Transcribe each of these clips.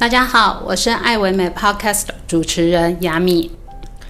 大家好，我是愛惟美 Podcast 主持人雅米。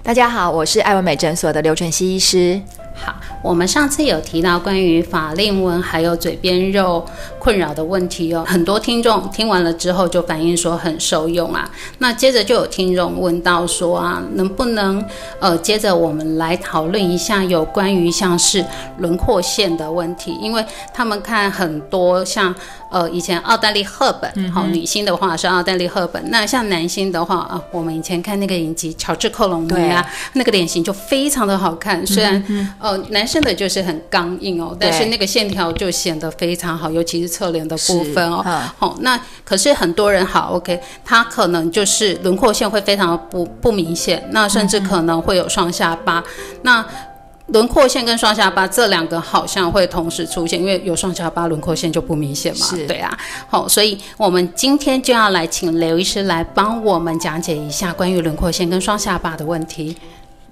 大家好，我是愛惟美診所的劉淳熙醫師。好，我們上次有提到關於法令紋還有嘴邊肉困擾的問題哦，很多聽眾聽完了之後就反映說很受用啊。那接着就有聽眾問到說啊，能不能呃，接着我們來討論一下有關於像是輪廓線的問題，因為他們看很多像。呃，以前奧黛麗赫本，好、嗯、女星的話是奧黛麗赫本。嗯、那像男星的話啊、呃，我們以前看那個影集喬治、啊、克隆尼啊，那個臉型就非常的好看、嗯。雖然，呃，男生的就是很剛硬哦、嗯，但是那個線條就顯得非常好，尤其是側臉的部分哦。好、嗯哦，那可是很多人好 OK，他可能就是輪廓線會非常的不不明顯，那甚至可能會有雙下巴。嗯、那輪廓線跟雙下巴這兩個好像會同時出現，因為有雙下巴，輪廓線就不明顯嘛。是，對啊。好、哦，所以我們今天就要來請劉醫師來幫我們講解一下關於輪廓線跟雙下巴的問題。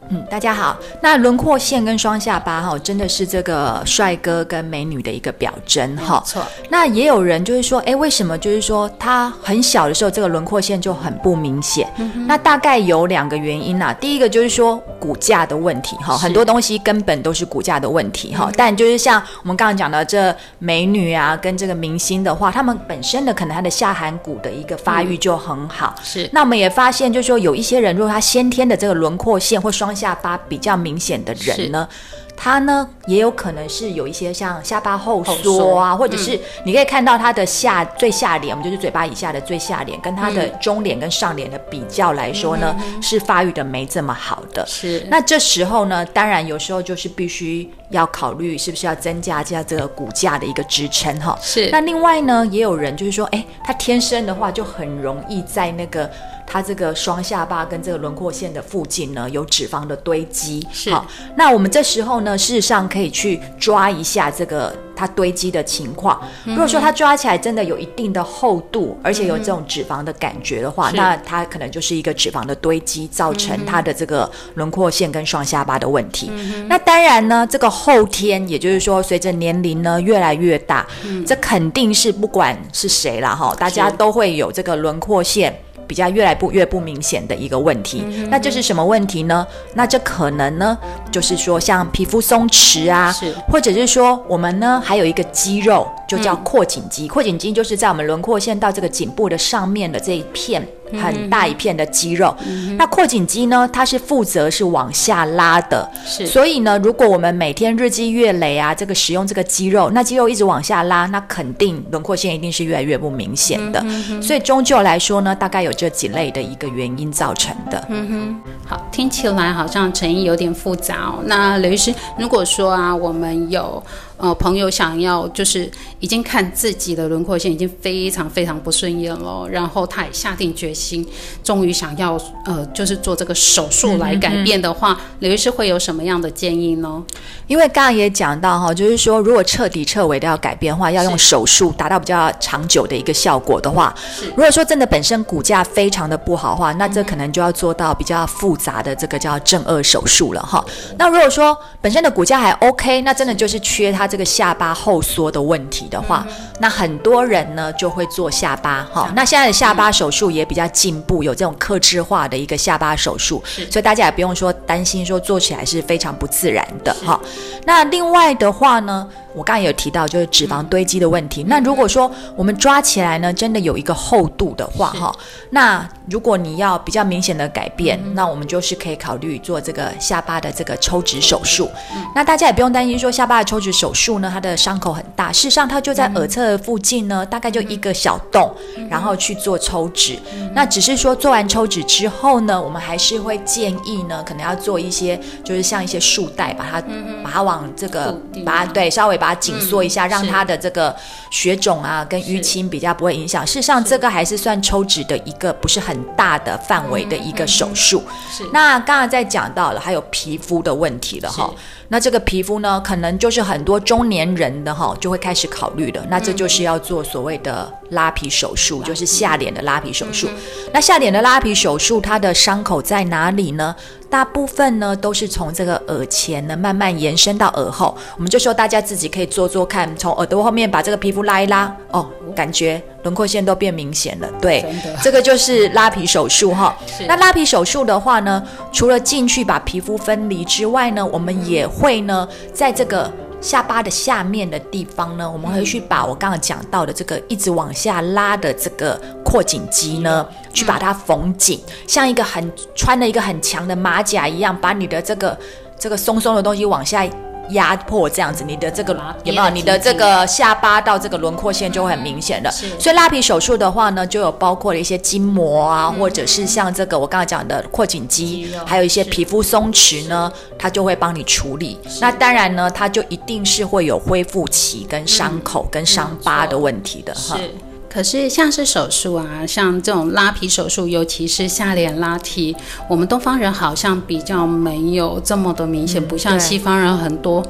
嗯，大家好。那輪廓線跟雙下巴哈、哦，真的是這個帥哥跟美女的一個表徵哈。沒錯、哦。那也有人就是說，哎、欸，為什麼就是說他很小的時候這個輪廓線就很不明顯、嗯？那大概有兩個原因啦、啊。第一個就是說骨架的問題哈、哦，很多東西根本都是骨架的問題哈、哦嗯。但就是像我們剛剛講到這美女啊，跟這個明星的話，他們本身的可能他的下頜骨的一個發育就很好、嗯。是。那我們也發現就是說有一些人，如果他先天的這個輪廓線或雙下巴比較明顯的人呢，他呢也有可能是有一些像下巴後縮啊後、嗯，或者是你可以看到他的下最下臉，我們就是嘴巴以下的最下臉，跟他的中臉跟上臉的比較來說呢、嗯，是發育的沒這麼好的。是，那這時候呢，當然有時候就是必須。要考慮是不是要增加一下這個骨架的一個支撐哈，是。那另外呢，也有人就是說，哎、欸，他天生的話就很容易在那個他這個雙下巴跟這個輪廓線的附近呢有脂肪的堆積，是。好，那我們這時候呢，事實上可以去抓一下這個。它堆積的情況，如果說它抓起來真的有一定的厚度，嗯、而且有這種脂肪的感覺的話，嗯、那它，它可能就是一個脂肪的堆積，造成它的這個輪廓線跟雙下巴的問題。嗯、那當然呢，這個後天，也就是說隨着年齡呢越來越大，嗯，這肯定是不管是誰啦哈，大家都會有這個輪廓線。比較越來不越不明顯的一個問題。嗯，那這是什麼問題呢？那這可能呢，就是說像皮膚鬆弛啊，或者是說我們呢還有一個肌肉。就叫擴頸肌，擴頸肌、嗯、擴頸肌就是在我們輪廓線到這個頸部的上面的這一片很大一片的肌肉。嗯嗯、那擴頸肌呢，它是負責是往下拉的，是。所以呢，如果我們每天日積月累啊，這個使用這個肌肉，那肌肉一直往下拉，那肯定輪廓線一定是越來越不明顯的、嗯嗯。所以終究來說呢，大概有這幾類的一個原因造成的。嗯哼。好，聽起來好像成因有點複雜哦。那劉醫師，如果說啊，我們有。呃，朋友想要就是已經看自己的輪廓線已經非常非常不順眼了，然後他也下定決心，終於想要呃就是做這個手術來改變的話，嗯嗯嗯、劉醫師會有什麼樣的建議呢？因為剛剛也講到哈、哦，就是說如果徹底徹尾的要改變的話，要用手術達到比較長久的一個效果的話，是。如果說真的本身骨架非常的不好的話，那這可能就要做到比較複雜的這個叫正頜手術了哈、哦嗯。那如果說本身的骨架還 OK，那真的就是缺它。這個下巴後縮的問題的話，嗯嗯，那很多人呢就會做下巴哈、哦。那現在的下巴手術也比較進步，嗯、有這種客製化的一個下巴手術，所以大家也不用說擔心說做起來是非常不自然的哈、哦。那另外的話呢？我剛才有提到，就是脂肪堆積的問題、嗯。那如果說我們抓起來呢，真的有一個厚度的話、哦，哈，那如果你要比較明顯的改變、嗯，那我們就是可以考慮做這個下巴的這個抽脂手術、嗯。那大家也不用擔心說下巴的抽脂手術呢，它的傷口很大。事實上，它就在耳側附近呢，大概就一個小洞，嗯、然後去做抽脂、嗯。那只是說做完抽脂之後呢，我們還是會建議呢，可能要做一些，就是像一些束帶，把它、嗯嗯、把它往這個、啊、把它對稍微把。啊，緊縮一下、嗯，讓他的這個血腫啊跟淤青比較不會影響。事實上，這個還是算抽脂的一個不是很大的範圍的一個手術、嗯嗯。是。那剛剛在講到了，還有皮膚的問題了哈。那這個皮膚呢，可能就是很多中年人的哈就會開始考慮的。那這就是要做所謂的拉皮手術、嗯，就是下臉的拉皮手術、嗯。那下臉的拉皮手術，它的傷口在哪裡呢？大部分呢都是從這個耳前呢慢慢延伸到耳後，我們就說大家自己可以做做看，從耳朵後面把這個皮膚拉一拉，哦，感覺輪廓線都變明顯了。對，這個就是拉皮手術哈、哦。那拉皮手術的話呢，除了進去把皮膚分離之外呢，我們也會呢在這個。下巴的下面的地方呢，我們會去把我剛剛講到的這個一直往下拉的這個闊頸肌呢，去把它縫緊，像一個很穿了一個很強的馬甲一樣，把你的這個這個松松的東西往下。壓迫這樣子，你的這個有沒有？你的這個下巴到這個輪廓線就會很明顯的，嗯。所以拉皮手術的話呢，就有包括了一些筋膜啊，嗯、或者是像這個我剛才講的擴頸肌，肌，還有一些皮膚鬆弛呢，嗯，它就會幫你處理。那當然呢，它就一定是會有恢復期，跟傷口，跟傷疤的問題的哈。嗯嗯可是像是手術啊，像這種拉皮手術，尤其是下臉拉提，我們東方人好像比較沒有這麼的明顯、嗯，不像西方人很多。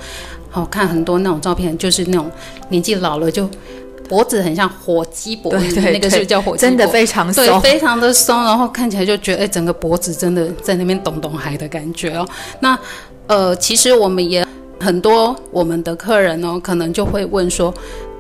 好、哦、看很多那種照片，就是那種年紀老了就脖子很像火雞脖那個是不是叫火雞脖，真的非常鬆，對，非常的鬆，然後看起來就覺得哎、欸，整個脖子真的在那邊咚咚嗨的感覺哦。那呃，其實我們也很多我們的客人哦，可能就會問說。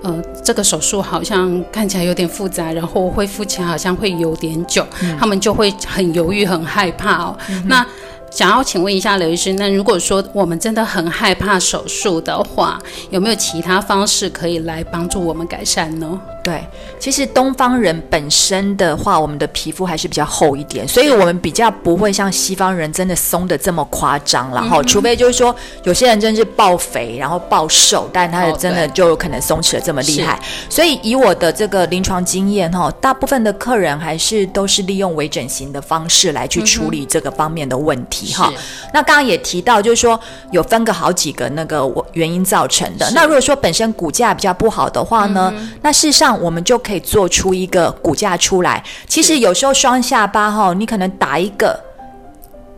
呃，這個手術好像看起來有點複雜，然後恢復起來好像會有點久。嗯，他們就會很猶豫、很害怕哦。嗯，那。想要請問一下劉醫師，那如果說我們真的很害怕手術的話，有沒有其他方式可以來幫助我們改善呢？對，其實東方人本身的話，我們的皮膚還是比較厚一點，所以我們比較不會像西方人真的鬆得這麼誇張，然後、嗯哦、除非就是說有些人真是暴肥，然後暴瘦，但他真的就有可能鬆弛得這麼厲害、哦。所以以我的這個臨床經驗、哦、大部分的客人還是都是利用微整形的方式來去處理這個方面的問題。嗯哈，那剛剛也提到，就是說有分個好幾個那個原因造成的。那如果說本身骨架比較不好的話呢、嗯，那事實上我們就可以做出一個骨架出來。其實有時候雙下巴哈、哦，你可能打一個。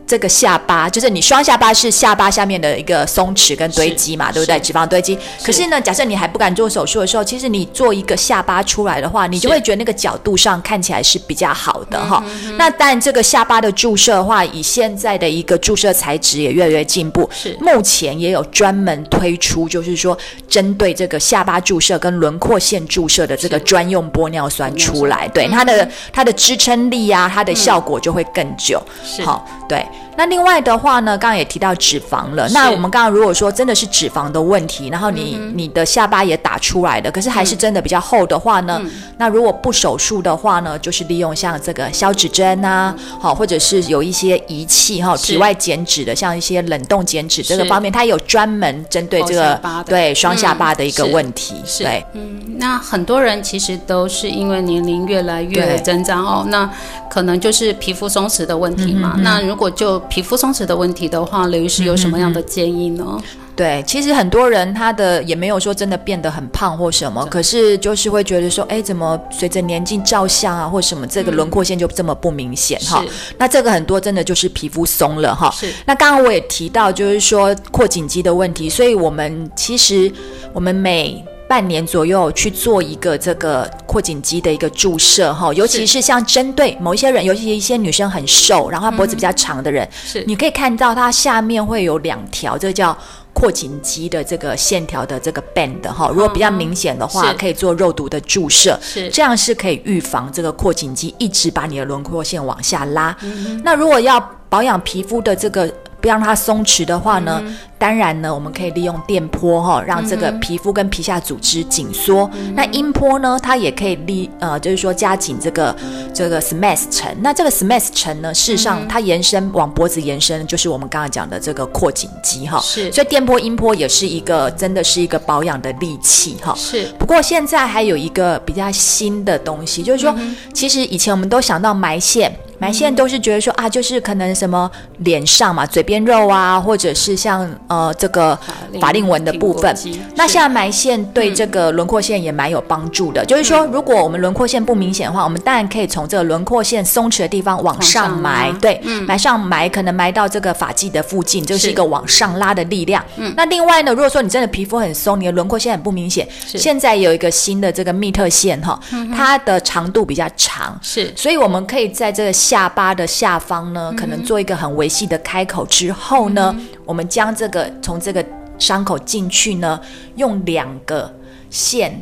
這個下巴就是你雙下巴是下巴下面的一個鬆弛跟堆積嘛，對不對？脂肪堆積。可是呢，假設你還不敢做手術的時候，其實你做一個下巴出來的話，你就會覺得那個角度上看起來是比較好的哈。哦 mm-hmm. 那但這個下巴的注射的話，以現在的一個注射材質也越來越進步。是，目前也有專門推出，就是說針對這個下巴注射跟輪廓線注射的這個專用玻尿酸出來，對，它的它的支撐力啊，它的效果就會更久。好、哦，對。那另外的話呢，剛剛也提到脂肪了。那我們剛剛如果說真的是脂肪的問題，然後你、嗯、你的下巴也打出來的，可是還是真的比較厚的話呢？嗯、那如果不手術的話呢，就是利用像這個消脂針啊，好、嗯哦，或者是有一些儀器哈，體、哦、外減脂的，像一些冷凍減脂這個方面，它有專門針對這個對雙下巴的一個問題。嗯、是對是是，嗯，那很多人其實都是因為年齡越來越增長哦，那可能就是皮膚鬆弛的問題嘛。嗯、那如果就皮膚鬆弛的問題的話，劉醫師有什麼樣的建議呢、嗯？對，其實很多人他的也沒有說真的變得很胖或什麼，可是就是會覺得說，哎，怎麼隨着年紀照相啊或什麼，這個輪廓線就這麼不明顯哈、嗯？那這個很多真的就是皮膚鬆了哈。那剛剛我也提到就是說闊頸肌的問題，所以我們其實我們每。半年左右去做一個這個闊頸肌的一個注射哈，尤其是像針對某一些人，尤其是一些女生很瘦，然後他脖子比較長的人，是、嗯、你可以看到它下面會有兩條，這個、叫闊頸肌的這個線條的這個 band 哈，如果比較明顯的話、嗯，可以做肉毒的注射，是這樣是可以預防這個闊頸肌一直把你的輪廓線往下拉。嗯嗯，那如果要保養皮膚的這個。不讓它鬆弛的話呢、嗯，當然呢，我們可以利用電波哈、哦，讓這個皮膚跟皮下組織緊縮。嗯、那音波呢，它也可以力呃，就是說加緊這個、嗯、這個 SMAS 層。那這個 SMAS 層呢，事實上它延伸往脖子延伸，就是我們剛剛講的這個闊頸肌哈、哦。是，所以電波音波也是一個真的是一個保養的利器哈。是。不過現在還有一個比較新的東西，就是說，嗯、其實以前我們都想到埋線。埋線都是覺得說啊，就是可能什麼臉上嘛、嘴邊肉啊，或者是像呃這個法令紋的部分。那現在埋線對這個輪廓線也蠻有幫助的，嗯、就是說如果我們輪廓線不明顯的話、嗯，我們當然可以從這個輪廓線鬆弛的地方往上埋，上埋啊、對，嗯，往上埋可能埋到這個髮際的附近，就是一個往上拉的力量。嗯，那另外呢，如果說你真的皮膚很鬆，你的輪廓線很不明顯，現在有一個新的這個 mint 線哈，它的長度比較長，是，所以我們可以在這個新下巴的下方呢，可能做一個很微細的開口之後呢，嗯、我們將這個從這個傷口進去呢，用兩個線。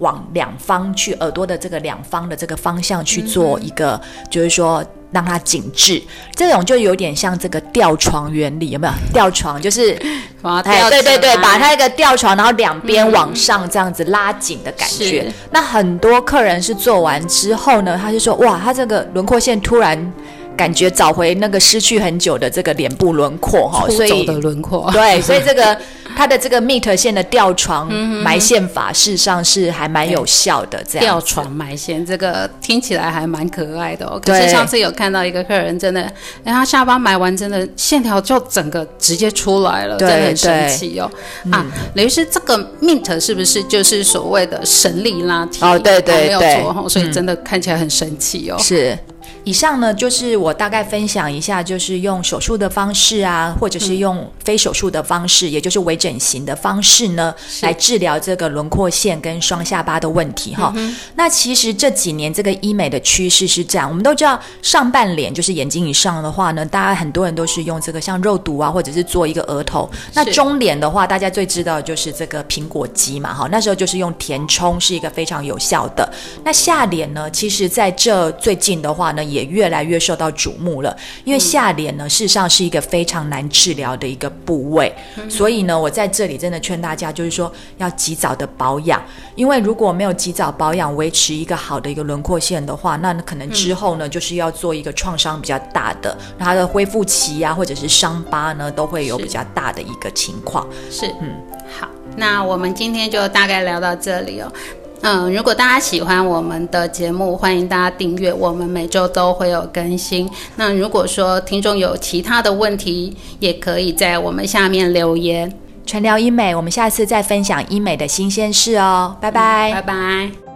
往兩方去，耳朵的這個兩方的這個方向去做一個，嗯、就是說讓它緊緻，這種就有點像這個吊床原理，有沒有？吊床就是，把它哎，對對對，把它一個吊床，然後兩邊往上這樣子拉緊的感覺、嗯。那很多客人是做完之後呢，他就說，哇，他這個輪廓線突然。感覺找回那個失去很久的這個臉部輪廓哈，所以的輪廓對，所以這個 它的這個 Mint 線的吊床埋線法事實上是還蠻有效的，這樣吊床埋線這個聽起來還蠻可愛的、哦。對。可是上次有看到一個客人真的，然、哎、他下巴埋完真的線條就整個直接出來了，對，真的很神奇哦。啊，等於是這個 Mint 是不是就是所謂的神力拉提？哦，對對對。沒有錯，所以真的看起來很神奇哦。嗯、是。以上呢就是我大概分享一下，就是用手術的方式啊，或者是用非手術的方式，嗯、也就是微整形的方式呢，來治療這個輪廓線跟雙下巴的問題哈、嗯。那其實這幾年這個醫美的趨勢是這樣，我們都知道，上半臉就是眼睛以上的話呢，大家很多人都是用這個像肉毒啊，或者是做一個額頭。那中臉的話，大家最知道的就是這個蘋果肌嘛哈，那時候就是用填充是一個非常有效的。那下臉呢，其實在這最近的話呢，也越來越受到矚目了，因為下臉呢，事、嗯、實上是一個非常難治療的一個部位，嗯、所以呢，我在這裡真的勸大家，就是說要及早的保養，因為如果沒有及早保養，維持一個好的一個輪廓線的話，那可能之後呢，嗯、就是要做一個創傷比較大的，它的恢復期呀、啊，或者是傷疤呢，都會有比較大的一個情況。是，嗯，好，那我們今天就大概聊到這裡哦。嗯，如果大家喜歡我們的節目，歡迎大家訂閱，我們每周都會有更新。那如果說聽眾有其他的問題，也可以在我們下面留言。淳聊醫美，我們下次再分享醫美的新鮮事哦，拜拜，拜拜，嗯、拜拜。Bye bye